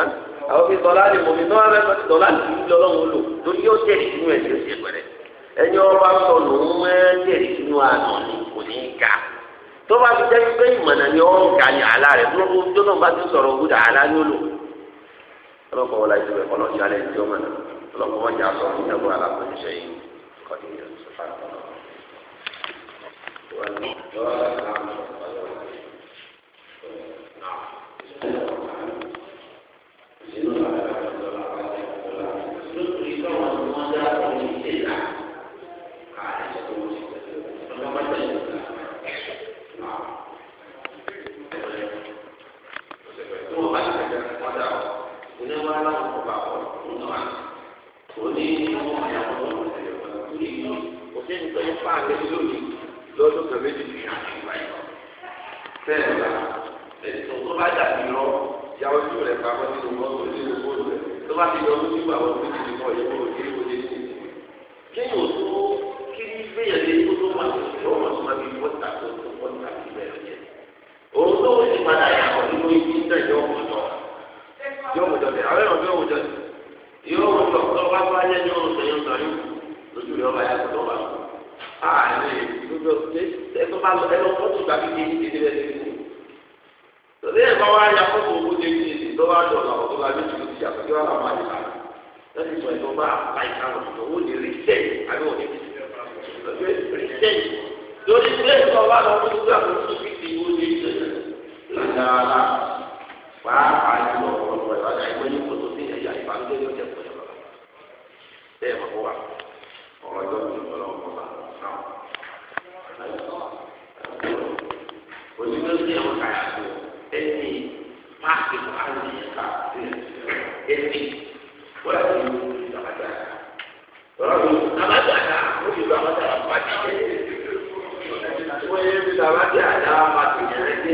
àwọn fi tọ́lá lè mọ̀ mi tó wà bẹ́ẹ̀ sọ tọ́lá lè fi lọ́lọ́run lò torí yóò sínú ẹ̀ ṣe ẹni ó bá sọ sínú àná ni kò ní í ga ti jẹ́ pé ìmọ̀nà ni ó ń ga ni àlá rẹ̀ tó náà bá قدير سبحان الله والجواب عن نعم Ini malah apa? Ini malah. Ini malah ṣé nítorí páàkì lónìí lọ́dún kan méjì ní àdìgbà yìí bẹ́ẹ̀ bá ẹ̀sùn tó bá dàbí lọ ya ojú rẹ̀ pamọ́ nínú mọ́tò nínú fóònù rẹ̀ tó bá ti yọ ojú nígbà wọn kò ti mọ ìyẹn kúrò kí ó dé sí i. kéèyàn ò tó kí ní bẹ́yẹn lé kó tó máa tó lọ́wọ́ máa tó máa fi wọ́tà tó tó wọ́tà sí bẹ́ẹ̀ yẹn. òun tó ti padà yà ọ́ nínú ibi náà yọ yọ ọmọdé ọ̀dẹ̀ yọ ọmọdé yọ àlè lójó ẹtọ́ bá lọ ẹlọ fọ́tò gbàgbé kéde kéde rẹ ní ìlú. Tọ́lé ẹ̀ bá wá ya fọ́tò owó dé ní ìlú lọ́wọ́ àjọ làwọn tó bá lé jù sí àtúndé wà láwọn àyè láàyè. Lọ́sì sọ ẹ̀tọ́ bá àìsàn òṣìṣẹ́ owó ní rìsẹ́ẹ̀tì àbí òní rìsẹ́ẹ̀tì. Lórí ilé ìtọ́ bá lọ fún ìgbà tó tún fi ti owó dé ní ìlú. Ìlànà wà á lọ ọ̀pọ̀lọpọ̀ ìwádìí àìpẹ́ ní kòtò sí ẹ̀yà ìbánújẹ́ ní ọ̀jẹ̀ pọ̀ òṣìṣẹ́ sí àwọn kàyàtò ẹni máàkì tó á lè ká ẹni wọ́n ti lu ìdàgbàdà lọ́wọ́ mi dàgbàdà ó ti lu àwọn dàgbà pàdé wọ́n yé mi dàgbàdà àdá pàtó yẹn lé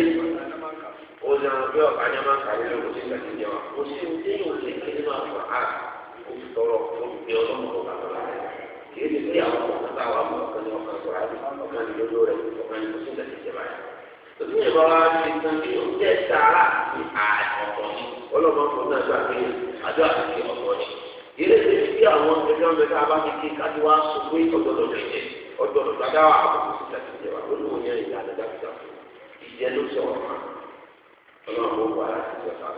o ní àwọn bí ọ̀gá ni máa ń kàwé lọ́wọ́ sí ìgbàlejò wa kò sí ní òṣèlú ní máa fọ àrà òfin tọrọ òfin ọlọ́mọdé bàbá rẹ̀ kìí ṣe pé àwọn ọkọ̀ tá a wà mọ̀ ọ̀kan ní ọkàn kura bí ọkàn ní lójó rẹ̀ ọkàn ní kòsí ìdàtí ìjẹba yẹn. Tòtí ìyẹn bá wá ní tán kí o jẹ́ sára ní ọ̀pọ̀ ní ọlọ́gbọ́n fún náà gbà pé àjọ àti ọ̀pọ̀ ní. Ilé ṣe bí àwọn ẹgbẹ́ ọ̀gbẹ́ tá a bá fi kí kájú wá sọ pé ọ̀dọ́dọ̀ lẹ́jẹ̀ ọ̀dọ́dọ̀ gbàgbà wà kòsí ìdàtí ìjẹba olóhùn yẹn ìyá àdàdà fìdà fún ìjẹ ló sọ̀rọ̀ mọ́ ọlọ́run gbogbo aláṣẹ ìjọba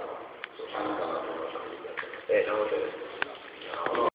sọ̀rọ̀ sọ̀rọ̀ sọ̀rọ̀ ẹ̀ náà wọ́n tẹ̀lé